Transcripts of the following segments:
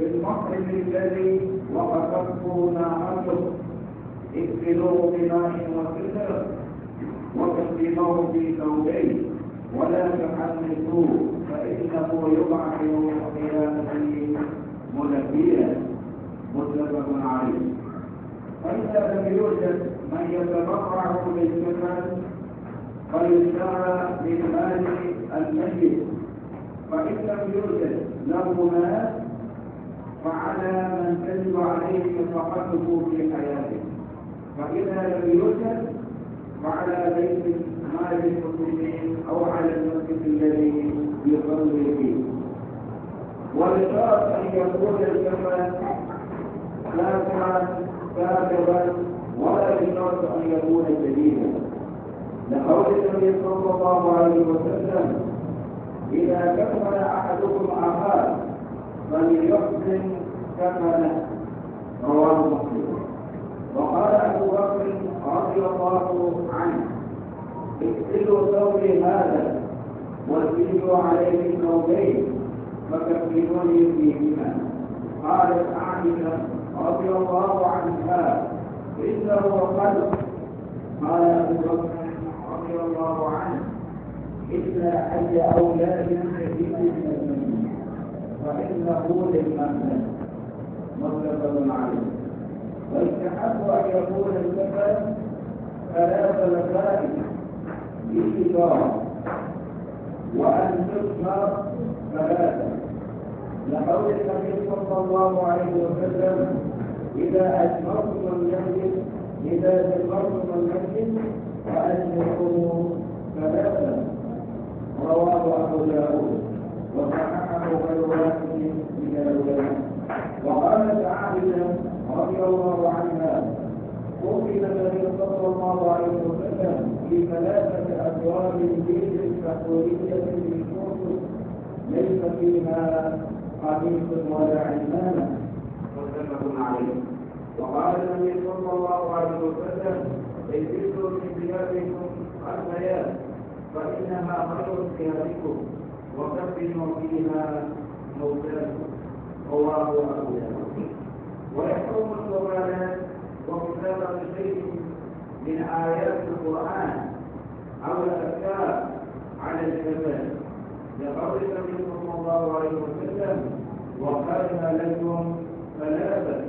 بالمطعم الذي وقفته ناعته اقتلوه بماء وسدر وقدموه في ثوبين ولا تحنثوه فانه يبعث يوم القيامه ملبيا متفق عليه فاذا لم يوجد من يتبرع بالثمن فيشترى بالمال المجد فان لم يوجد له مال فعلى من تجب عليه نفقته في حياته فإذا لم يوجد فعلى بيت مال المسلمين أو على المسجد الذي يصلي فيه ولشرط أن يكون الجمل نافعا كاذبا ولا بشرط أن يكون جديدا لقول النبي صلى الله عليه وسلم إذا كمل أحدكم فليحسن كفنه رواه مسلم وقال ابو بكر رضي الله عنه اكسلوا ثوبي هذا واسجدوا عليه ثوبين فكفنوني فيهما قالت عائشه رضي الله عنها انه قلب قال ابو بكر رضي الله عنه الا اي اولاد يحبون فإنه للمهنة متفق عليه ويستحب أن يكون الكفن ثلاث مسائل بالإشارة وأن تسمى ثلاثة لقول النبي صلى الله عليه وسلم إذا أجمعتم المسجد إذا أجمرتم المسجد فأجمعوا ثلاثة رواه أبو داود الله عنها وكل النبي صلى الله عليه وسلم لثلاثة أبواب البيت الفحورية مِنْ الكتب ليس فيها حديث ولا علمانة متفق عليه وقال النبي صلى الله عليه وسلم اجلسوا في ثيابكم الحياة فإنها خير ثيابكم وكفنوا فيها موتاكم رواه أبو داود ويحكم القرآن وكتابة شيء من آيات القرآن أو الأفكار على الجبل لقول النبي صلى الله عليه وسلم وقالها لكم ثلاثة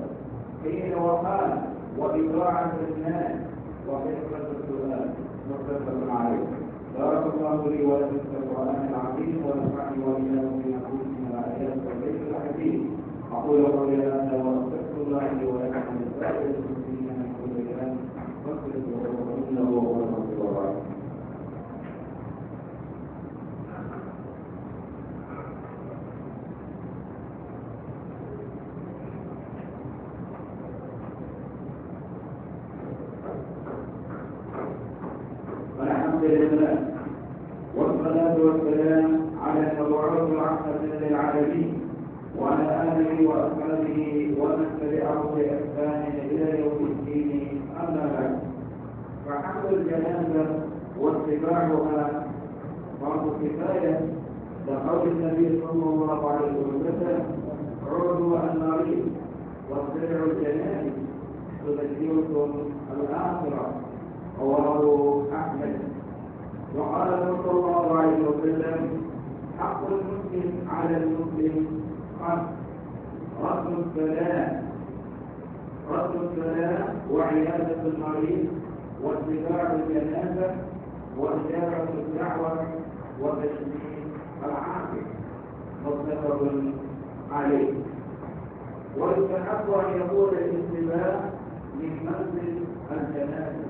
حين وقال وإضاعة الناس وحفظة السؤال متفق عليه بارك الله لي ولكم في القرآن العظيم ونفعني وإياكم بما أنزل الآيات والبيت الحكيم أقول قولي cambio, ahora اتباعها فرض كفاية لقول النبي صلى الله عليه وسلم عرضوا النارين واتبعوا الجنائز تذكركم الآخرة رواه أحمد وقال صلى الله عليه وسلم حق المسلم على المسلم قد رد السلام رد السلام وعيادة المريض واتباع الجنازة وإجابة الدعوة وتشميل العامل متفق عليه ويستحق أن يكون الانتباه من منزل الجنازة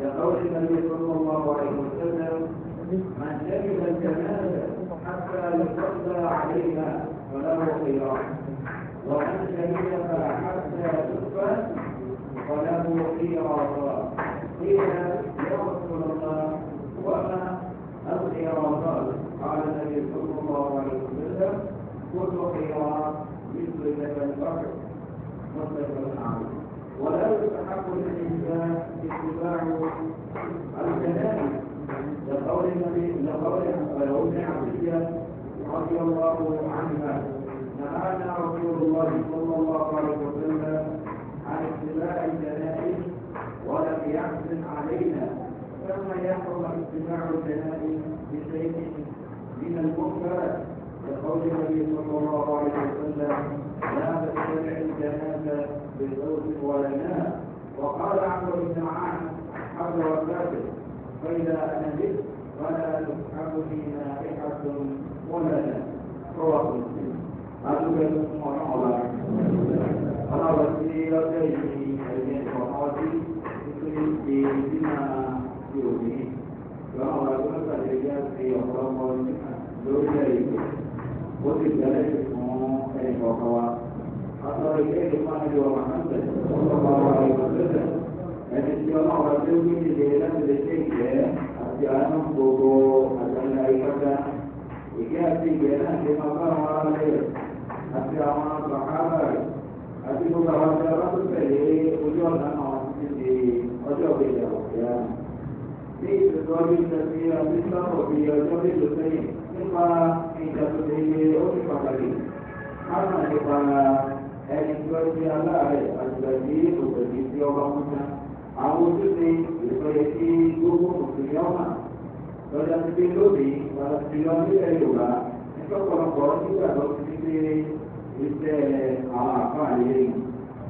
لقول النبي صلى الله عليه وسلم من شهد الجنازة حتى يصلى عليها فله خيار ومن شهدها حتى تدفن فله خيار قيل يا رسول الله وأما الخيارات قال النبي صلى الله عليه وسلم كل خيار مثل لبن بكر مطلق العمل ولا يستحق الإنسان اتباع الجنائز لقول النبي لقول ابن عبدية رضي الله عنها نهانا رسول الله صلى الله عليه وسلم عن اتباع الجنائز ولم يحزن علينا ثم يحرم اجتماع الجنائز بشيء من المنكرات كقول النبي صلى الله عليه وسلم لا تتبع الجنازه بصوت ولا وقال عمرو بن عامر قبل وفاته فاذا انا بك فلا تسحبني نائحه ولا نام رواه مسلم அதுகளுக்கும் بما òde òní lọ́wọ́ àwọn agbóhùnsàlẹ̀ yá sí ọ̀pọ̀lọpọ̀ lórílẹ̀ èdè ó sì gbẹ́lẹ̀ fún ẹnì kọ̀ọ̀kan wa. Àtọ̀ ilé ìlú máa ń lo àkàǹtẹ̀ ọ̀pọ̀lọpọ̀ àwọn ìwọ̀sẹ̀sẹ̀ ẹni tí ọlọ́run ti wí nílé láti lè ṣe ìgbẹ́ àti àánú gbogbo àgbàlá ìpátá. Ìgbẹ́ àti ìgbẹ́ náà ti máa bá àwọn aráàlú rẹ̀ àti àwọn bàkárà rẹ̀ àti gbogbo àwọn ọjọ́ alábùsẹ̀lẹ̀ ojú ọ̀nà àwọn títí di ọjọ́ ìgbéyàwó ìyá náà ní ìṣèjọba ìṣẹ̀fihàn nígbàgbọ́ bíi ọjọ́ mélòó sẹ́yìn nípa ìṣàtúnṣe ó ti pàtàkì káàmà nípa ẹni tí wọ́n ti aláàárẹ̀ àtìgbàgbé òṣèlú tí ọba mú ná. àwọn ojúṣe ìṣòye tí gbogbo òṣèlú ọmọ lọ́jà ti dé lónìí wàá ti lọ nílẹ̀ yorùbá ìṣọ́pọ̀lọpọ̀ nígbà tó ti fi dé iṣẹ́ àwọn àfáà yẹn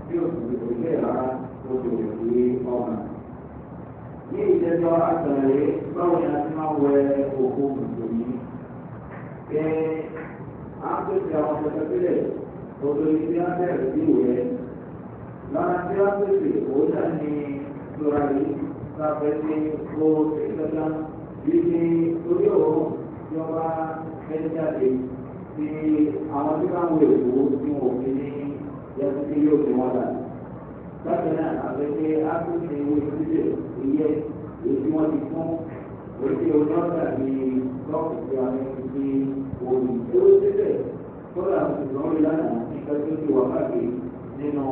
tí òṣèlú rárá tó ti wọ̀ sí ọmọ ní ìjẹjọ àtàlẹ báwo ni a ti máa wẹ òkú mùsùlùmí pé a ń pèsè àwọn ọ̀sẹ̀ sílẹ̀ olórí tí a bẹ̀rẹ̀ sí ìwé lọ́nà tí a pèsè òun náà ní ìtura yìí lábẹ́ ní o ìgbàgbà yìí ní orí òun ìjọba ẹni jáde ti àwọn tí wọ́n ń wẹ̀ tí wọ́n fi ní yẹtí yóò fi wọ́n dà. bákan náà àbẹ̀tẹ̀ a pèsè ìwé ìdíje ìyẹ èyí wọ́n ti fún orí oníọ̀tà ní lọ́ọ̀kì tí a ní ti fi òòlù tí ó síbẹ̀ kọ́lá ìṣòro ìlànà nípa tó ti wà káàkiri nínú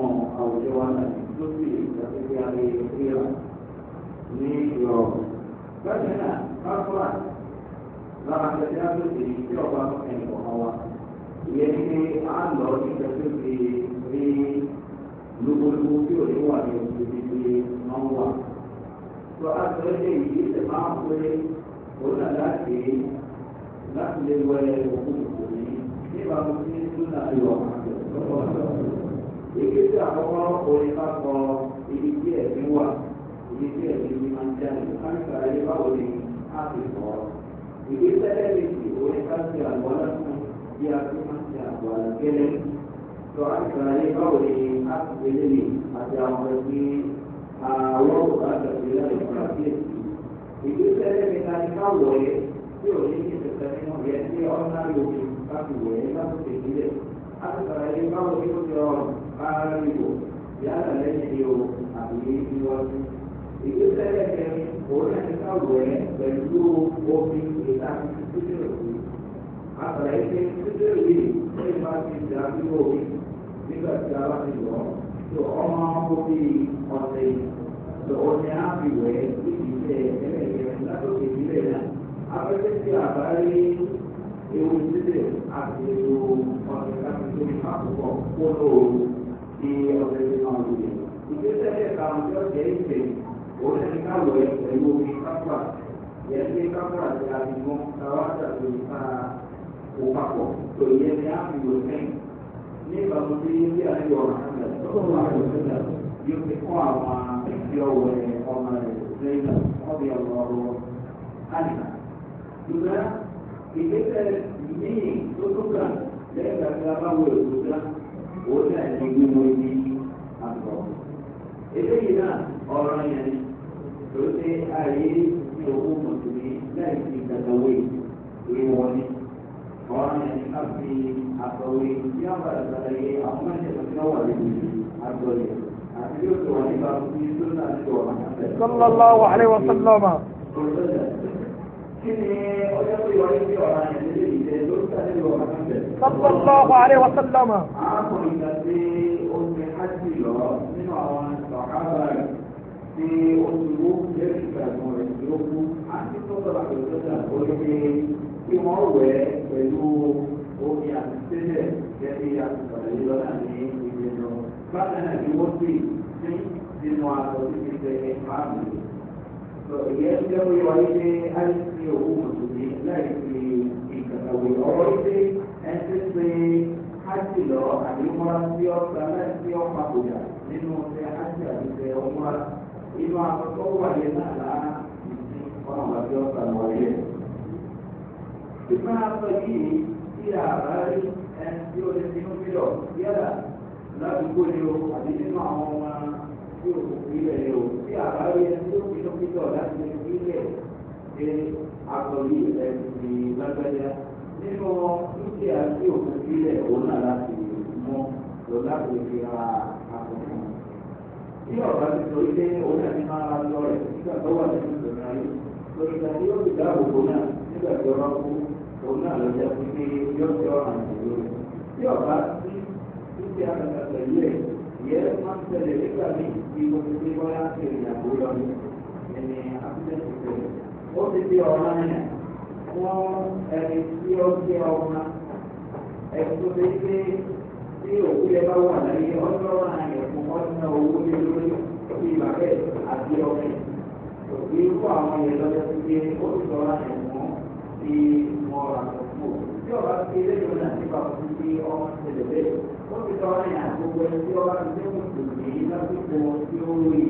àwùjọ wa náà tó sì ìgbàsíkẹ́ ayé ìrírà ní ìrọ̀rùn. bákan náà káfíńà lára tẹ̀síá tó ti tí ọba ẹ̀yìn kọ̀ọ̀kan wa ìyẹn ní à ń lọ nípa tó ti rí lóbólóbó tí ò ní wà ní oṣù tí ti wà tó a sọ ṣe yìí ṣe máa ń pè òun náà láti láti lè wọ ẹ òkú òkú ní nígbà tó ti ní tún náà yọ lọ́wọ́ lọ́wọ́. Èké tí àkọ́kọ́ orin bá kọ ibi tí ẹ̀mí wà ibi tí ẹ̀mí ni máa ń jáde káńtà ayé báwo ni a ti kọ́. Ìgbésẹ̀ ẹ̀mí ti orin bá ti àgbọ̀ lásán bí a ti máa ń ti àgbọ̀ àlàkẹ́lẹ́. Sọ àìsàn ayé báwo ni a ti gbélé mi àti àwọn ẹgbẹ́ àwọn ọ̀gá àgbàgbé láti fún àbíyèsí. ìgbésẹ̀ lẹ́yìn náà ní káwọ̀ ẹ́ tí ò ní ní ìṣẹ̀ṣẹ̀ nínú yẹn tí ọ̀nà lòdì láti wọ̀ ẹ́ lásìkò ìbílẹ̀. láti sọ̀rọ̀ yẹn báwo ni ó ti rọrùn ara ìbò yálà lẹ́yìn ni o àbíyé ti wọ́sí. ìgbésẹ̀ lẹ́yìn òun náà ní káwọ̀ ẹ́ pẹ̀lú omi ìlànà títí àtàlẹ́ ṣe títí òbí ní ìbá ti a bá tó ọmọ ọmọ bíi ọ̀sẹ̀ tó o ní àfiwẹ́ ìdílé ẹlẹ́yẹ látòkè ìdílé náà afẹ́fẹ́ tí a bá rí ewu sílẹ̀ àti ewu ọ̀sẹ̀ láti tó ní àkókò kóló ti ọ̀sẹ̀ tó máa wù yẹn. ìgbésẹ̀ ẹ̀ka àti ọ̀sẹ̀ ìfẹ́ òun ẹni káwọ̀ ẹ̀ pẹ̀lú omi kápá yẹn ní kápá àti àdìgún káwá àti àdìgún ká òpapọ̀ tó yẹ ní àfiwẹ́ mẹ́rin ní ìbámu bí bí àyẹ̀wò ọ̀hánlẹ̀ lọ́wọ́ àwọn ìṣẹ̀lẹ̀ yóò fi kọ́ àwọn ìfìọ̀wẹ̀ ọmọ rẹ̀ lẹ́yìn ọ̀bí ọ̀rọ̀ àná. ṣùgbọ́n ìgbésẹ̀ míì tó tó gbà lẹ́yìn ìgbàgbé abáwọ̀ èkúta òun náà ní gbogbo ibi àgbọ̀. eléyìí náà ọ̀rọ̀ yẹn ni tó ṣe àyè ìṣòwò mọ̀tòmí láì fi ìdàgbàwé ìwọ ni. وعن الحق القوي يقبل عليه عمن يتنوى القوي صلى الله عليه وسلم صلى الله عليه وسلم tí oṣù lẹ́yìn ìgbà tí wọ́n rẹ̀ ti lókun àti tó sọ̀rọ̀ àti òṣèlú àgbọ̀lẹ́gbẹ́ tí wọ́n wẹ̀ ẹ́ pẹ̀lú omi àtúntẹ́lẹ̀ gẹ́gẹ́ àtúntàlẹ̀ yìí lọ́la ní ìlú ẹ̀nà. Bákan náà ni wọ́n pè sí nínú àtọ̀ tí ti tẹ ẹ̀fà mi. Ìyẹn ń jẹ́ wíwá ilé àìsí òwú mùsùlùmí láì fi ìkàtàwé ọ̀rọ̀ ilé ẹ̀sìn pé ájì lọ àdéhùnmọ́ra sí ọ̀sán láì sí ọ̀pá kòjà nínú ọ̀sẹ̀ ájì àdéhùn ọ̀mọ́ra. Inú àtọ̀tọ̀ wà yẹn náà lá ìsìn ọ̀nà àti ọ̀sán wọ̀nyẹn ìgbà àtọ̀ yìí tí a bá rí ẹni tí ó lè finú fílọ̀ yálà ládùúgbò ni o àbí nínú àwọn ọmọ tí o kò fi lẹ̀ ni o tí a bá rí ẹni tí ó finú fílọ̀ láti lè fi lẹ̀ ṣe àtọ̀ yìí ẹ̀sìn lágbájá nínú dúkìá tí o fi lẹ̀ òun náà láti mọ́ lọ láti fi tí ọ̀gá ti sọ ilé òun àti máa lọ rẹ̀ nígbà tó wà nínú ìgbìmọ̀ ayé lórí ìgbà yóò fi dáàbò bò náà nígbà tí ọba òun náà ló jẹ́ pípé yóò fi ọ̀ràn ìlú rẹ̀. Tí ọ̀gá sí títí àgbàgbà pẹ̀lú ẹ̀, ìyẹ́ máa ń tẹ̀lé nígbà mí kí mo ti fi wáyà ṣe ìyàwó lọ ní ẹni àbújẹ́sì tẹ̀lé. Ó ti di ọ̀ràn yẹn fún ẹni tí ó jẹ́ ọ̀ràn. Ẹni tó ti pé tí òkú yẹn bá wà láyé ọjọ́ ọ̀ràn yẹn fún ọ̀nà owó lé lórí bí bàbá àti ọ̀rẹ́. Òbí fún àwọn yẹn lọ́jọ́ di orang tu. Jauh kita juga nanti kalau di orang sedekah, kalau kita orang yang bukan di orang tu mungkin dia nanti pun curi,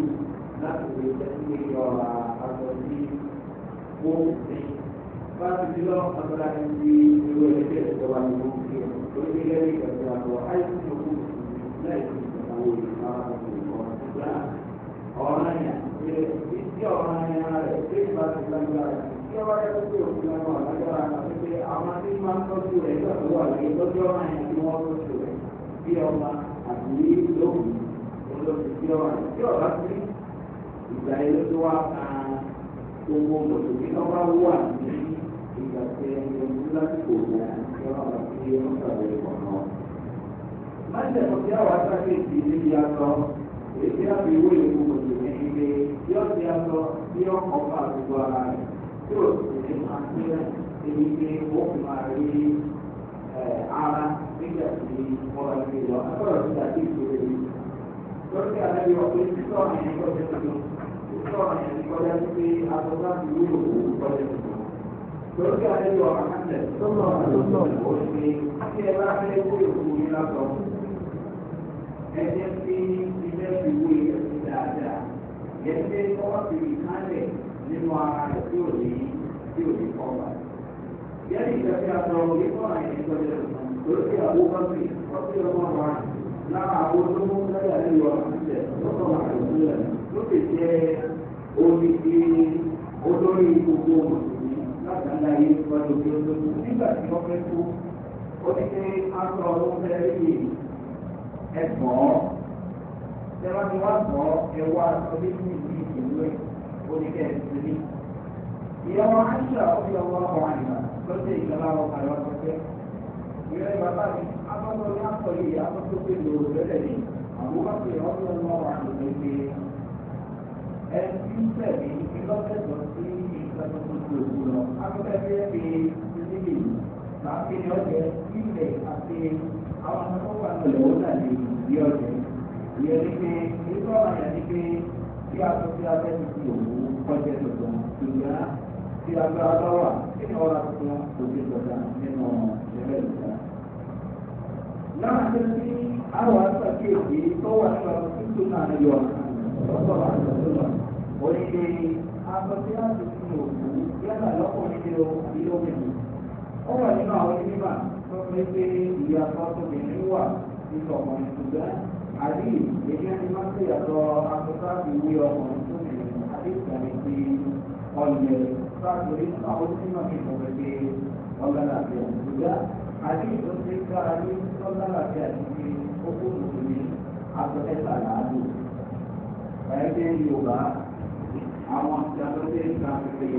nanti dia sendiri orang atau di bukan. Kalau kita orang ada yang di dua lepas dua minggu, kalau dia ni kerja dua hari cukup, naik tahu orang tu orang sebelah. Orangnya, dia orangnya, dia pasti orangnya. ìjọba yẹn tó òfin ọmọ àlágbára àti pé àwọn tí máa ń tọ́jú rẹ̀ nígbà tó wà lóye lọ́jọ́ máa yẹn tí wọ́n tọ́jú rẹ̀ bí ọba àti lóhùn olóṣù tí ọba tí ọba sí ìgbà yẹn tó wá kan gbogbo mùsùlùmí ọba wà ní ìgbà tẹ ẹni lásìkò ìgbà tí ọba sí ọmọ ìgbàlẹ̀ ìkọ̀nà. májèlú tí àwọn aṣáájú ìdílé yá lọ èyí á fi wé ìwé mùsùlùmí ilé yọ̀ọ́ ti yá lọ bí ọkọ̀ fà yóò sì máa gbé ẹni pé ó fi máa rí ara nígbà tí wọ́n bá gbé lọ. Akọ́rọ̀ ti dà ìṣòro yìí. Lọ́sí àlejò ọ̀pẹ títọ́ àyẹ̀ kọjá tuntun. Títọ́ àyẹ̀ ní kọjá pípé aṣọ́gbá ti wúlò òwú kọjá tuntun. Lọ́sí àlejò àkàndẹ̀ tọ́lọ̀ àlọ́lọ̀ òṣèlè kí ẹ bá fẹ́ wé òkú yín lọ́sọ̀. Ẹ jẹ́ pé ìwé ẹ̀sìn dáadáa. Yẹ́n pé wọ́n nínú ara rẹ̀ tí ò ní tí ò ní kọ́ wa. Yẹ́nì ìgbà tí a sọ òye fún àyè ní ìtọ́jú ẹ̀sán, lórí àwo kọ́sì, kọ́sì ọmọ wa lára àwo tó mú lẹ́yà ní ìwà àtúntẹ̀ lọ́sọ̀ wà lóṣìlẹ̀ ló lè jẹ́ omi ti olórí gbogbo mùsùlùmí láti ńlá yé wájú bí ó lóko. Nígbà tí wọ́n fẹ́ kú, ó ní pé a sọ ọdún fẹ́ẹ́ rí ẹ̀gbọ́n. Ṣé wá gbọ́ ẹ̀wọ́ aṣọ bí ní ìlú ẹ̀? oníkẹ́ ìsinmi. ìyàwó àṣà ọ̀fi ọwọ́ ọmọ àyà lọ́sẹ̀ ìjọba ọmọ àyà ọ̀sẹ̀ pé ìrẹ́ bàbá mi akọ́tọ̀ ní akọ̀lẹ̀ yìí akọ́tọ̀ pé lòrò lẹ́lẹ̀ ni àwọn bá fi ọ̀fi ọmọ àyà lè pe ẹni tí ń tẹ̀lé ní lọ́sẹ̀tọ̀ sí ìgbàgbọ́ tó ti òkú lọ akọ́tọ̀ fi ẹ́ fi sílẹ̀ láti ní ọ̀jẹ̀ ilẹ̀ àti àwọn ọmọ tó wà lọ́wọ́ náà ní ìdí ọ̀jẹ̀ ìyẹn kí a yang tahu a fẹ́ ti siapa kọjá tuntun orang kí bukan orang yang nínú ọ̀rá tuntun kò sí ìjọba nínú ìṣẹ̀lẹ̀ ìjọba. Náà ṣe Orang àwọn orang tó wà sọ títún náà yọ lọ́sọ̀ àtàkéèké oníṣe àtọ́sí Orang fi orang yálà lọ́kùnrin ní orí lómìnir. orang wà nínú àwọn onímọ̀ tó fi pé àbí èdè ti máa ń ṣe ìyàtọ̀ akọ́sáàbì ní ọkùnrin tó ti àbí ìkànnì ti ọ̀lẹ̀ sáàtòrí àwọn tí wọ́n ti bọ̀wẹ̀ pé ọ̀gára àti àbújá àbí ìtọ́sí kára ní ọ̀gára àti àti owó mùsùlùmí àtọ̀tẹ́ta làálù. Ẹgbẹ́ Yorùbá àwọn ìjàdọ́tẹ́ ìtàkùnlé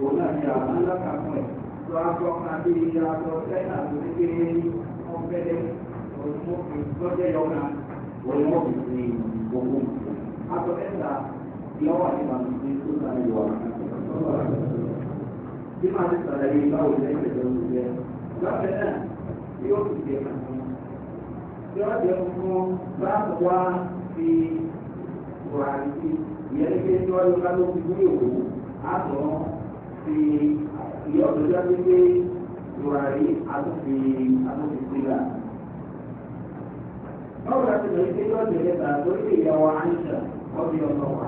òun náà ni àwọn ńlá kan fún ẹ̀ tó a gbọ́ kan bí ìyá àtọ̀tẹ́ àtọ̀tẹ́ ọ̀gbẹ́dẹ́ òṣùwọ̀n ìgbọ́jẹ́ yọ̀ọ̀kan wọ́n mọ̀ fi ṣe gbogbo. Aṣọ ẹ̀ka ti ọwọ́ àti màmí ti tó sáré wà. Bí màá ti sàlàyé báwo ni ẹ̀jẹ̀ tó ń jẹ. Lábẹ́ náà, bí ó ti jẹ kàkún. Bí wọ́n jẹ fún bá wá fi wà sí ìyẹn pé tí wọ́n lọ ká ló fi wúlò wò á tọ́ fi ìyọ́dọ̀ jáde pé ìwà rí àtúnfi àtúnfi sílẹ̀ báwo la ti lè fi lọ́ọ̀dì lẹ́ta lórí ìyàwó àìsà ọ̀bí ọ̀tọ̀ wa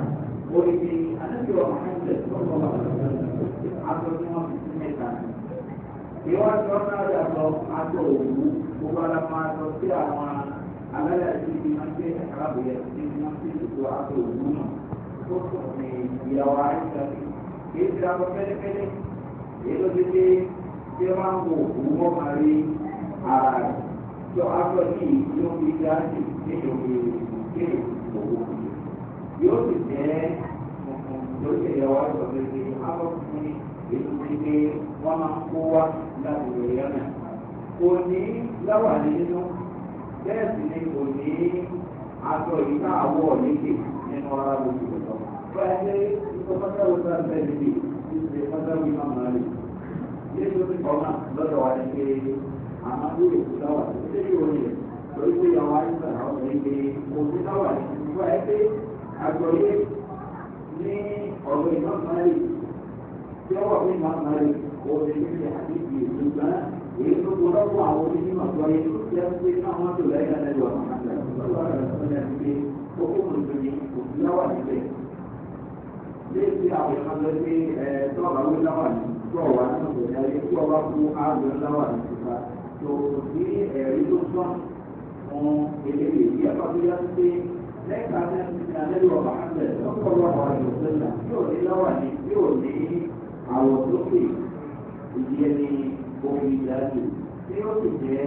orí ti àdébíyọ̀ àìsà lọ́kọ̀ wà aṣọ tí wọ́n fi sí mẹ́ta. ìwádìí ọ̀nà àdàbọ̀ aṣọ òwú gbogbo ara máa lọ sí àwọn alálẹ̀ àti ibi máa ń gbé àkàràbòyà sí ibi máa ń gbé ìdòdó aṣọ òwú náà tó sọ ní ìyàwó àìsà kì í ti aṣọ pẹ́lẹ́pẹ́lẹ́ èyí ló ti dé tí wọ́n á wò òwú mọ́ yọ aṣọ yìí yóò fi gíláàsì nínú nínú òwò yóò sì jẹ́ yóò sì yọ wá aṣọ fún ètò ti pé máa kó wá láti lè yánà kò ní láwà nínú bẹ́ẹ̀ sì ni kò ní aṣọ yìí náà àwọ̀ lékè nínú ara gbogbo ìtọ́ báyìí pé pátáwó sáà bẹ́ẹ̀ níbi ìṣẹ̀lẹ̀ pátáwó ìmọ̀ màálù yéé tó ti kọ́ náà lọ́dọ̀ wa ní pé àmọ́ bí o ti dáwà ṣé kí o lè lórí pé ìyàwó àyíká àwọn ọmọ ìgbé kò sí dáwà nípa ẹ pé àgbọ̀yé ní ọ̀rọ̀ ìmọ̀ mọ́lẹ̀ tí ọwọ́ mi máa mọ́lẹ̀ kò sí níbi àdébì ìdúgbọ́n èyí tó kọ́ lọ́wọ́ àwọn onímọ̀ àgbọ̀yé tó ti ẹ́ pé káwọn tó lẹ́yìn ẹ̀rọ àwọn àgbà léèdì àwọn ìfọ̀sẹ̀ pé ẹ̀ tọ́ọ̀bà wí láwà ní tọ́ọ̀wá nínú ìgbẹ̀yà yìí tí ọba kú ààrùn láwà ní ìfọ̀sẹ̀ tó kò sí ẹ̀rí tó tán fún eléyìí bí abábíyá tó dé lẹ́yìn àti ẹ̀sìn alẹ́lú ọba àgbẹ̀ lọ́pọ̀lọpọ̀ àwọn ìlòsílà yóò ní lọ́wọ́ ní yóò ní àwọ̀ sókè ìdí ẹni omi ìdájú tí ó sì jẹ́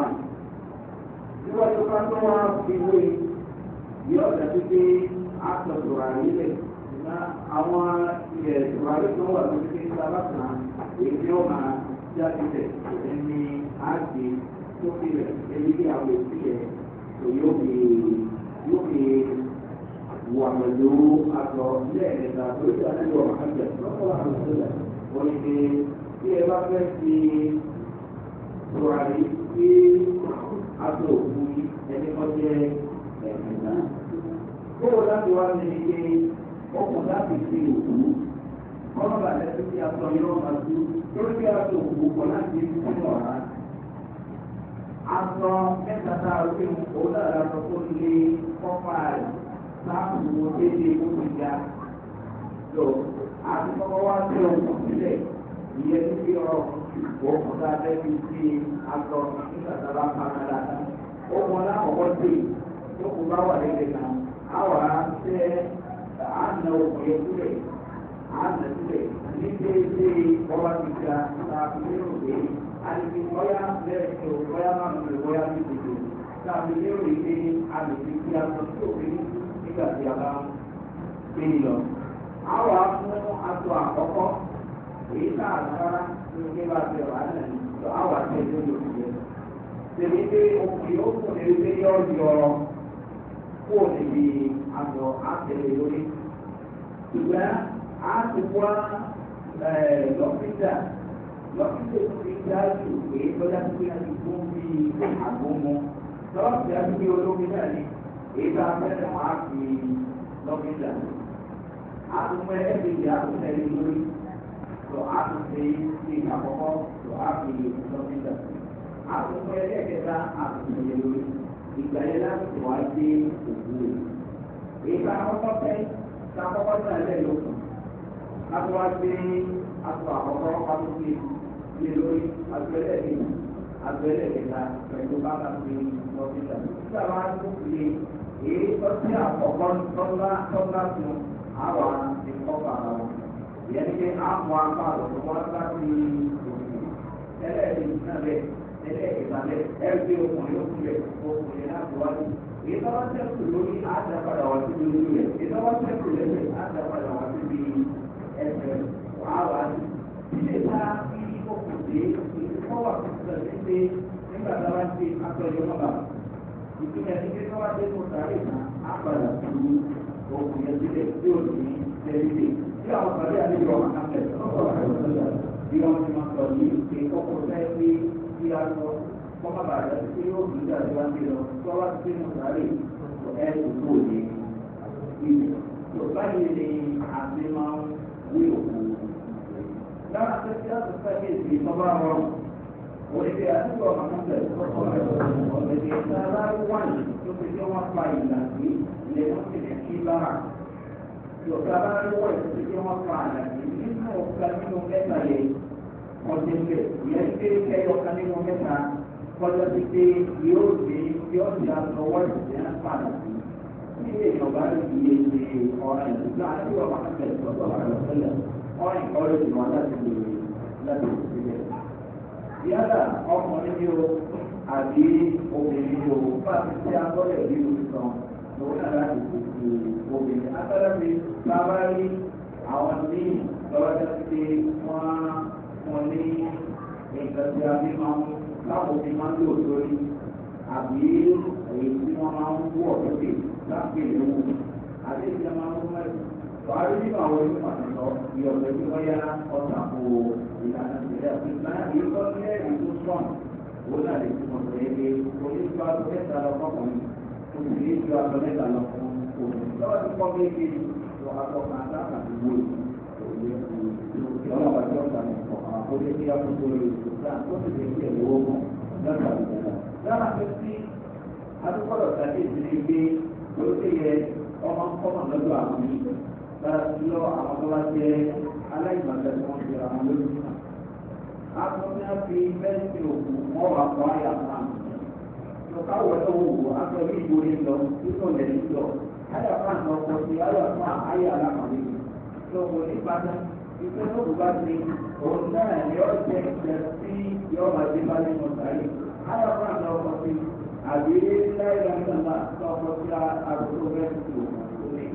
one. níwájú bá tó wá fi wé bí ọ̀dà tó dé àtọ̀tọ̀ àrílẹ̀ na àwọn ilẹ̀ ìwà ló tó wà lórí kí sábà kan èyí ó máa jáde tẹ̀ ní àti sókè que ẹni bí àwọn èsì rẹ̀ kò yóò fi yóò fi wà pẹ̀lú àtọ̀ lẹ́ẹ̀mẹ́ta lórí àti wà pàtàkì lọ́kọ̀ àwọn ìṣẹ̀lẹ̀ wọ́n ní pé bí ẹ bá fẹ́ fi tùràrí sí àtọ̀ òkú ẹni kọ́ jẹ́ ẹ̀mẹ́ta. Bóyá láti wá ní ike ọkùnrin láti fi òkú ọlọ́ba lẹ́sìn tí a sọ yọ̀ ọ́ máa tú lórí bí a sọ òkú kọ́ láti fi ọ̀rá aṣọ mẹ́ta tá a fi òun náà lọ́sọ tó lé kọ́fà rẹ̀ sáàpù wo déédéé ó ti ga lọ àti kọ́kọ́ wá sí ọkọ̀ sílẹ̀ ìyẹn tó fi ọ̀rọ̀ wọ́n kọ́ tá a fẹ́ fi sí aṣọ nígbà tá bá pa kára ó mọ láwọ̀kọ́ sí tó kó bá wà lẹ́gbẹ̀ẹ́ kan àwọ̀ á tẹ́ àna òkùn yẹn sílẹ̀ àna sílẹ̀ ní déédéé ọba ti ga sáàpù yẹn ò àlejò bóyá lẹ́ẹ̀kì o bóyá máa lò bóyá bí gbogbo láti lérò ìgbé àlejò tí a sọ sí òfin nígbà tí a bá gbé e lọ. a wà fún aṣọ àkọ́kọ́ èyí tá a sára ní ilé bá ti rà náà ní ìjọ a wà sí ẹjọ́ lòdì yẹn. tèmi pé òkè ó kò lè gbé yọ yọ kó o lè fi àgbọ̀ àtẹ̀lé lórí. ìgbà a ti wá lọ́fíìsà lọ́sí lè fi dájú pé bọ́dá pípé láti fún bí àgbómọ lọ́sí dájú pé olómi náà ni èyí bá fẹ́rẹ̀ wọ́n á fi lọ́mí là. àtúmọ̀ ẹ̀ẹ́dẹ̀gbẹ̀ àtúmọ̀ ẹ̀rí lórí lọ àtúnṣe ti àkọ́kọ́ lọ á fi lọ́mí là. àtúmọ̀ ẹ̀ẹ́dẹ̀gbẹ̀ta àtúmọ̀ ẹ̀rí lórí ìgbà yẹn láti wá dé òkú rẹ̀. èyí bá fẹ́ ta kọ́kọ́ náà lẹ́yìn òkú lé lórí àgbẹ̀lẹ̀ mi àgbẹ̀lẹ̀ mi ta pẹ̀lú bàbá mi lọ́sílẹ̀. Nígbà máa ń lè èyí ọtí àkọ́kọ́ tọ́lá tọ́lá fún àwa ìkọ́kọ́ ara wọn. Ìyẹn ní pé àpò apá àlọ́kọ́ wọn bá ti òkè. Ẹlẹ́ẹ̀dì náà bẹ̀ ẹlẹ́ẹ̀dì náà bẹ̀ ẹgbẹ́ ọkùnrin ọkùnrin ọkùnrin láti wájú. Ìtọ́wọ́ sẹ́kù lórí àdàpadà wá sí lórí rẹ̀. Ìtọ́wọ́ sẹ́kù lórí àdàpadà wá sí bí ẹsẹ̀ wàá wá sí. Ilé ìta pọ̀ kò dé ìdíkọ́ wà fún ìṣẹ̀lẹ̀ pé nígbà tá a bá ṣe àpẹẹrẹ ọmọ bàbá ìpínlẹ̀ ní pé káwá dé mọ̀ sáré náà á padà sí òkùn yẹn sílẹ̀ tí ò ní tẹ̀lé tí àwọn sáré àlejò ọmọ àpẹ̀ ọ̀pọ̀ àìsọ̀lá bí wọ́n ti máa sọ ní pé kọ́kọ́ sáyé pé kí a sọ kọ́kọ́ bàbá tí ó kì í dàbí wá sí lọ kọ́wá sí mọ̀ sáré ẹ̀ kò tó òye ìlú tó báyìí ni àti máa ń wí òkú lára tó ti láti fẹ́ kí èsì ìtọ́ba wọn òṣèlú àdúgbò àkàndẹ̀ ọ̀gbẹ̀dẹ̀ sára wáyé tó fi kí wọ́n pa ìlànà ilẹ̀ wọn ti lè kí lára yọ̀ọ̀ká lára wáyé tó fi kí wọ́n pa ìlànà nínú ọ̀gá nínú mẹ́ta yẹn ọdún bẹ̀ ìyẹn ti kẹ́ yọ̀ọ̀ká nínú mẹ́ta kọjá ti pé yóò dé yóò dé àtọwọ́ ìdílé àpàdà sí ilé ìjọba ìdílé ìdílé ọ̀rọ̀ ìdílé àti ìwà wàhálà ìtọ́jú àwọn ọ̀sẹ̀ lẹ́nu wọ́n ìkọ́lẹ̀ ìwọ̀n láti lè láti lè sílẹ̀. yálà ọkùnrin ni o àbí obìnrin ni o bá ti ṣe agbọ́lẹ̀ bí o sàn lòun náà láti kókò obìnrin. afẹ́lẹ́fi bàbá rí àwọn míì lọ́wọ́ tó ti pé wọ́n wọn ní nǹkan tí a fi máa ń láwọn òbí máa ń lò sórí àbí èyí tí wọ́n máa ń wọ̀ lókè láti lè wù àbí ìjọba máa ń mú mẹ́rin wàhálà nínú àwọn onímọ̀ àtàkọ́ ìyọ̀pẹ̀ tí wọ́n yá ọ̀tà kó ìlànà ìṣẹ̀lẹ̀ àti náà èyí tó ní ẹ̀rí tó sọ̀n òun náà lè fi mọ̀ pé ebe oníṣẹ́ aṣọ mẹ́ta lọ fọkùnrin Kalau ju aṣọ mẹ́ta lọ fún òun lọ́wọ́ ti kọ́ méje wọ aṣọ kan láàbà tó wó ìyọ́nà àti ọ̀sán ọ̀hún àkójẹ́ kí á tó tó lè tó Kalau tó sì lè fi ẹ̀wọ́ mọ̀ lọ́sà ìjọba. lára pé tí adúgbò lọ́sà ti ti di pé ó ti yẹ ọmọ kọ́mọ̀ lọ́dọ̀ àwọn ìjọba lọ àwọn tó bá jẹ aláìgbàgbẹ́ tó ń fi àwọn lójú kan. a tún ní a fi mẹ́sì òkú mọ́ wà fún àyà kan. lọ́ka wọlé òwò aṣọ bí ìwòye lọ nínú ìlẹ̀ lọ. àyà kan lọ kọ sí àyà kan àyà alákàlẹ́. lọ́kọ̀ nípadà ìfẹ́ tó kù bá ti òun náà yọ jẹ ìjẹ sí yọ màdé bá nínú sàyè. àyà kan lọ kọ sí àbí láìláìlá lọ́kọ̀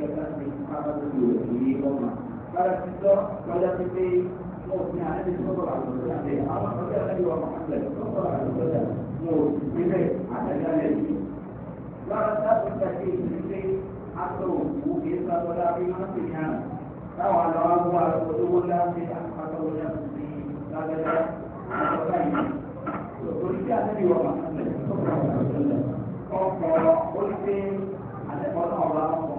kekasih Muhammad Nabi Muhammad. Mungkin ada di sekolah Al-Quran. Allah pada ada di Muhammad Sekolah Al-Quran. Mungkin ada di Lalu satu kaki ini atau mungkin satu Tahu ada orang buat betul lagi atau lagi lagi lagi. torí àti ní wọn máa ń lè tó kọ́ ọ̀pọ̀ ó ti àtẹ̀kọ́ náà wà á kọ́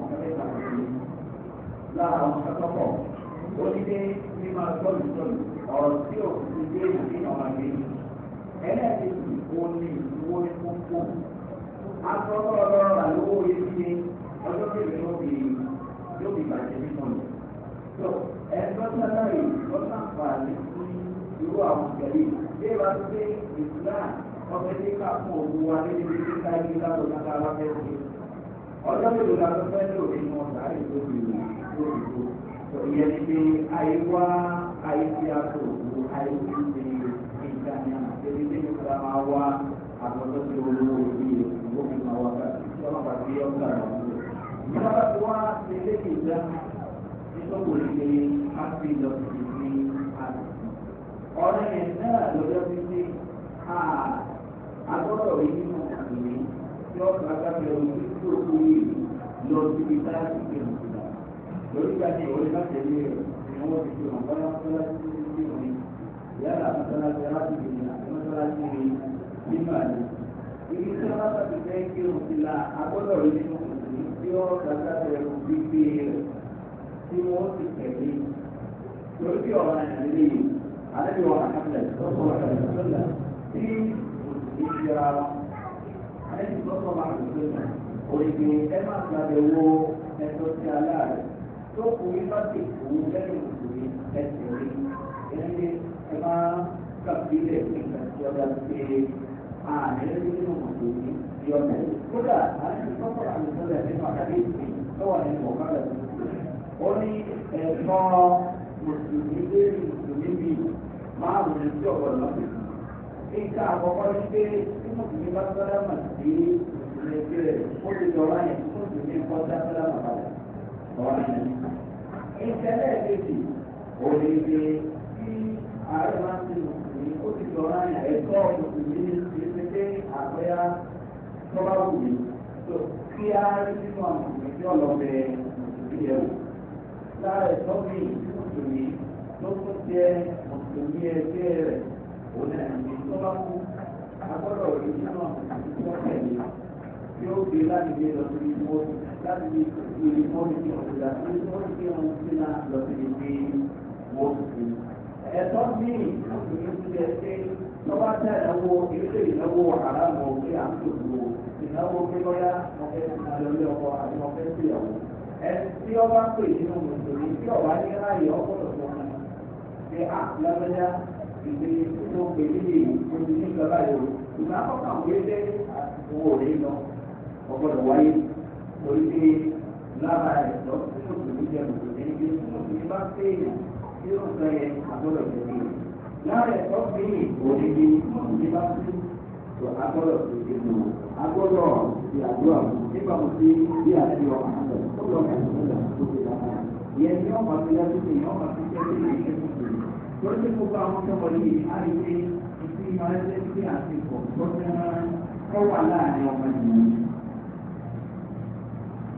lára àwọn akẹ́kọ̀ọ́ ó ní pé ní máa tọ́jú tọ́jú ọ̀rọ̀ tí ò ti dé ìdí ọ̀rọ̀ àgbẹ̀ yìí ẹlẹ́ẹ̀kejì òun ni ìdúró ní kókó asọ́kọ̀ ọlọ́rọ̀ àlówó orí ṣe ọjọ́ kejì ló fi yóò fi bàjẹ́ nínú rẹ̀ tó ẹ̀sọ́ sábà yìí wọ́n sàǹfààní sí irú àwọn ìgbàlè bí wàá ti pé ìsìlá ọ̀fẹ́ ní ká fún òkú wa ní ibi tí ká yí ká ọjọ́ tó lóla tó fẹ́ lò nínú ọ̀sà àyè tó fi lò tó ìyẹn ti pé ayé wá ayé tí a tó òkú ayé tí ó ti ìgbà ní àná tẹ́lẹ̀ tí ó fẹ́ máa wá àtọ́jọ́ tó olówó orí òkú fi máa wá ká tí wọ́n bá fi ọ̀gá rẹ̀ wọ́n lò. ìjọba tó wá ilé ìjà nítorí pé a fi lọ sí ní àná. ọ̀rẹ́ yẹn náà lọ́jọ́ ti ní àgbọ̀dọ̀ yìí nínú àgbèrè tí tó fi lọ síbi tá a ti fi hàn síta lórí ìgbà tí ìwọlé bá tẹ̀lé rẹ̀ ni wọ́n ti fi hàn bá mọ́sálásí tó ti fi hàn ní yálà mọ́sálásí aláṣẹ́bí ni àti mọ́sálásí ni nínú àlè. ibi tí wọ́n bá ti fẹ́ kí òun ti la agbọ́dọ̀ rí nínú òsì tí ó gbàgbà bẹ̀rù gbígbé rẹ̀ tí wọ́n ti tẹ̀lé lórí bí ọ̀rọ̀ àyàlélẹ́ yìí alẹ́ wọ àkàtúntà lọ́sọ̀ àkàtúntà tí òsì ti fi ara wọn. alẹ́ ti sọ́kọ̀ máa ń gbé náà òyìnbó ẹ máa gbàgbé wo ẹ̀tọ́ sí aláàrẹ tó kù yín bá ti kú lẹ́yìn òkùnrin ẹsẹ̀ rí ẹni ẹ máa kàbílẹ̀ nígbà tí ọ̀dà ṣe ààrẹ nínú òkùnrin ti ọ̀nà kódà àti sọ́kọ̀ àti sọ́dà nínú àkàdé ìsìn tó wà nínú ọ̀kadà tuntun ó ní ẹ̀tọ́ mùsùlùmí lérí mùsùlùmí bíi márùn-ún tí ọ̀gbọ̀n lọ́sẹ̀ nǹkan àkọ́kọ́ ní pé tí mùsùlùmí bá sọ́dá mà sí lè gbé rẹ̀ ó lè lọ wáyé tó sì ní nǹkan dákúlá màbàlá ọ̀rọ̀ àná. ìṣẹ̀lẹ̀ kejì ò lè gbé tí ààrẹ máa ń ti mùsùlùmí ó ti lọ wáyé ẹ̀kọ́ mùsùlùmí ní ṣe pé àgbẹ̀yà tó bá wù mí kí á rí nínú àwọn mùsùlùmí tí ọlọ́bẹ mùsùlùmí yẹ̀ wò. lára ẹ̀tọ́ mi mùsùlùmí ló tún jẹ́ mùsùlùmí ẹgbẹ́ rẹ̀ òun náà ní tó bá kú agbọ́dọ̀ rí nínú àwọn mùsùlùmí tí yóò gbé láti gbé lọ sí ìwọ láti gbé ìwé mọ́nìkì ọ̀gbìnà tí mọ́nìkì ọ̀hún sí náà lọ sí ìwé wọ́n sí. ẹ̀tọ́ ní ọkùnrin ti jẹ pé lọ́wọ́ tẹ ìnáwó ilé ìnáwó àràmọ̀ òkè àtòkò ìnáwó pé lọ́yà ọ̀fẹ́ ìnáwó ọkọ̀ àti ọ̀fẹ́ ìyàwó. ẹ tí ọba pè nínú mùsùlùmí tí ọba ní láàyè ọkọ̀ọ̀tọ̀ fún mi ṣe àtìlágbẹ́yà ìdí tó gbé nílé ìgbòmí nígbà láyò ìgbà kọ̀ọ̀kan wọlé owó rẹ̀ lọ ọgbọ́dọ̀ wáyé torí pé lára ẹ̀tọ́ tí ó gbèrú jẹ gbogbo ẹni pé tí ó fi bá fèèyàn tí ó fẹ́ yẹ agbọ́dọ̀ jẹ bí i lára ẹ̀tọ́ fèèyàn kò ní bí tí ó fi bá fẹ́ tó agbọ́dọ̀ tó ti mú agbọ́dọ̀ ti àdúrà nípa mo ti bí àti ọmọ àgbẹ̀ ó lọ kà ní ọjà tó ti dá náà ní ọmọ àti yàtọ̀ ní ọmọ àti yàtọ̀ ní ẹ̀kọ́ tó ti torí pé gbogbo àwọn ọmọ yìí á pé ìfihàn ẹgbẹ́ sí àti ìfọ̀ tó fẹ́ rárá wà láàrin ọmọ yìí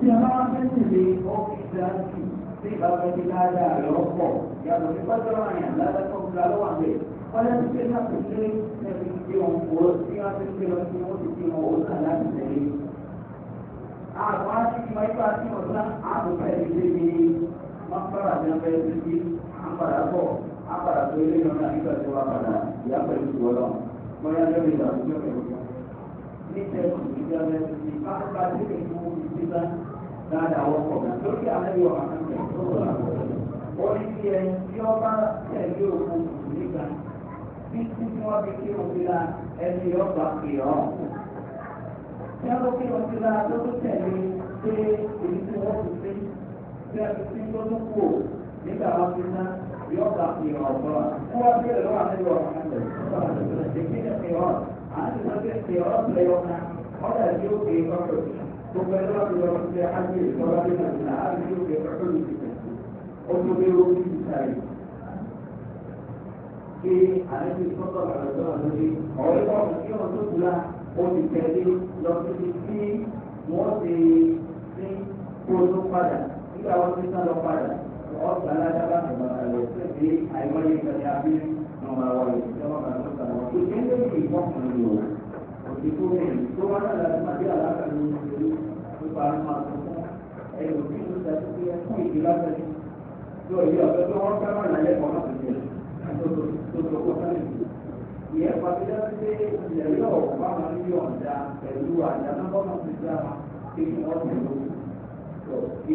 tí a máa fẹ́ tẹ̀lé ọ́fíìsì àti tí ìbáfẹ́ ti dáadáa rẹ̀ ọ̀pọ̀ yàtọ̀ nípa tó rà yàn ládàkọ̀ fúnra lọ́wọ́ àgbẹ̀ wọ́n ti ṣe láti ṣe ẹ̀fí ti wọn kó tí wọ́n ti ṣe lọ sí wọ́n ti ṣe wọn ó kà láti tẹ̀lé. àwọn aṣíkí máa yípa sí ọ̀sán àbùkà ìdílé ni wọ́n fara jẹ́ fẹ́ títí àpàdà bọ̀ àpàdà tó ilé lọ́nà nígbà tó wà padà ìyá pẹ̀lú ìwọ́lọ́ wọ́n yá lẹ́nu ìgbà tó jẹ́ pẹ̀lú. ní tẹ̀sán ìgbà rẹ̀ ti bá bá dé ìlú ìgbà dáadáa wọ́pọ̀ lórí àlejò àkàkọ́ tó wà wọ́n ní kí ẹni tí wọ́n bá tẹ̀lé òkun nígbà bí tí wọ́n fi kí omi la ẹni ọgbà pè ọ́. tí wọ́n kí omi la tó tó tẹ̀lé pé èyí tí wọ́n fi sí tí wọ́n fi sí tó tó kù nígbà wọn fi ná yọgbà pè ọ́ bọ́ fún wọn bí ẹ̀rọ àlejò àkàkọ́ tó wà lọ́wọ́ èyí ni pè ọ́ àti wọ́n fi pè ọ́ pè ọ́ kan ọ̀rẹ́ yóò pè ọ́ pè ọ́ مبادرة في حد ضربنا من عالم بحلم أمور الإنسان في عليه الصلاة والسلام عرض كثيرا تقول وبالتالي لو تجدي موضي في كل قدم إذا وصلت له قدم وأصبح لا تبقى في أيوة يتنعبين نمرة وعليه كما قال صلى الله عليه وسلم ìdìbò rẹ̀ tó wá náà láti máa dé àlàáfà ní ìṣòro nípa àwọn àtúntò ẹ̀rọ tí ó ṣe àti pé fún ìdí lásán ní yóò yí ọ̀fẹ́ tó wọ́n fẹ́ máa lálẹ́ kan láti jẹ tó tó kọ́ sálẹ̀ jù. ìyẹn pàṣẹ pé ilẹ̀ yóò bá wọn ní ọ̀dà pẹ̀lú àjà nọ́mbà náà ti dá kí wọ́n ti lò ó.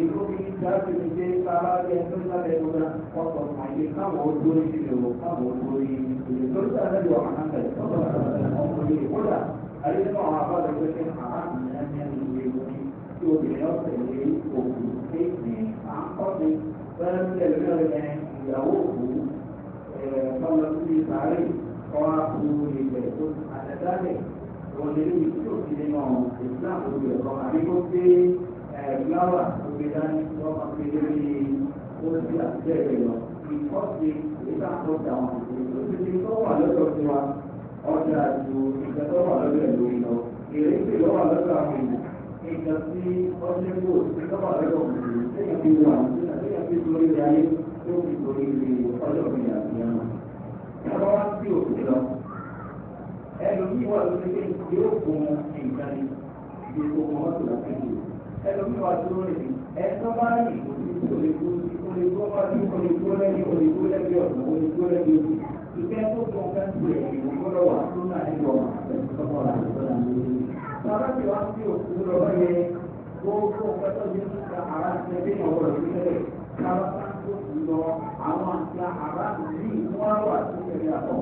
ìlú mi dájú ni pé bàbá bẹ tó sábẹ́ ló dá ọkọ̀ àyè káwọn ojú orí ti lè wò káwọn ojú orí ìlú tó sábẹ́ lò àwọn àgbẹ̀ tó àyè fún àwọn abájọ pé kí haram yẹn ní ẹnu ìwé lórí tí obìnrin ọ̀sẹ̀ lé òkú pé ní à ń kọ́ mi bẹ́ẹ̀ ní ẹlẹ́rìí yẹn ìyàwó òkú tọ́lọ sí ìbárè kọ́ àpò ilẹ̀ tó àtẹ̀dálẹ̀ òní níbi tí ó ti nínú Islam lórí ẹ̀kọ́ àbí kó gbé fúláwà tó gbé dání lọ́kàn pé lórí ó sì àtẹ̀rẹ̀ lọ ìkọ́sí ìgbà tó dà wọn òṣèlú tó wà lọ́dọ̀ tiwa ọjà ju ìgbàsọ́wọ́ lọ́dọ̀ ẹ̀ lórí lọ. Èrè ń pè lọ́wọ́ lọ́dọ̀ àwọn èèyàn. Nǹkan tí ọjọ́ ìgbò ìgbàsọ́wọ́ lọ́dọ̀ òkùnrin lẹ́yìn fi wà lẹ́yìn fi torí ilé ayé tó fi torí ilé ọjọ́ ìgbìn àti ẹ̀rọ. Ìjọba wá sí òkú lọ. Ẹlòmíì wà lórí pé yóò gun nǹkan ni bí gbogbo wọn tó láti lò. Ẹlòmíì wà lórí ẹ̀sọ́ bá ní ìgbòho kẹ́ tó tó fẹ́ pè é ìgbọ́dọ̀ wà tó náà nígbà wà lọ́wọ́ àdúgbò Bàbá mi wá sí òkú lọ́wọ́ yẹn gbogbo pẹ́tọ́ ní ìta ara ṣe bí ọ̀rọ̀ ìṣẹ̀lẹ̀ kára sáńtó lọ àwọn àti ara ní ìwọ́n wà sí ìṣẹ̀lẹ̀ àbọ̀.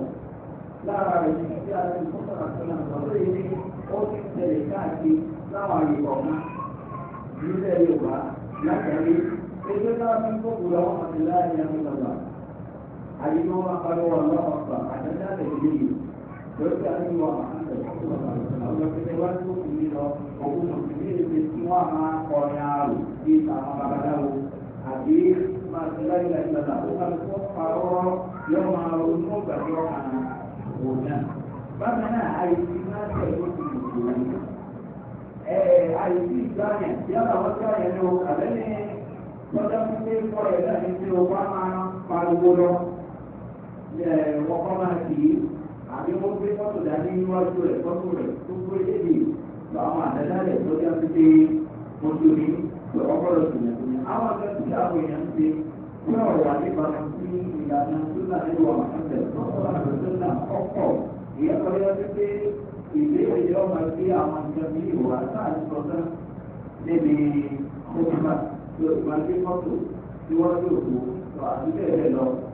Lára rẹ̀ ní ìṣẹ́ ara ní kọ́kọ́rọ́ àtọ́nà lọ́wọ́ yẹn ní ó láwọn àyè kọ̀ọ̀kan nílẹ̀ Yorùbá látàrí ẹgbẹ́ náà ní gbogbo àwọn àti láàrin àwọn bàbá alimọ́wá pariwo aláwọ̀ pa àdájá lè lè yìí lórí àríwá àwọn ọ̀sẹ̀ wá tó kù ní lọ òun kò sí ní èdè tí wọ́n máa kọrin àrùn bí àwọn babaláwo àbí máa ti láyé láyé lọ́la ó kà lóko parọ́ yọ máa ronú gbàgbọ́ àwọn òun náà. bákan náà àìsí máa tẹ̀lé òkú ìlú àìsí ìgbàyàn yálà wọ́n tí àyẹ̀ ló tọ́jà fún pé kọ́ ẹ̀ náà tí o wá máa pariwo lọ wọ́n kọ́ máa kì í àbí wọ́n gbé fọ́tò dání níwájú rẹ̀ fọ́tò rẹ̀ tó gbé léde làwọn àdáda rẹ̀ tó yá sí pé ojú mi lọ́wọ́ gbọ́dọ̀ tìyàtìyà àwọn akẹ́kọ̀ọ́ tí àwọn èèyàn ń ṣe tí wọ́n wà nípa sí ìlànà sọ́nà nínú àwọn akẹ́kọ̀ọ́ sọ́nà sọ́nà ọ̀pọ̀ ìyẹn kọ́ yá sí pé ìbéèrè yọ máa gbé àwọn nǹkan bí ìwà sáà àti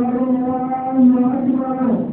الله أكبر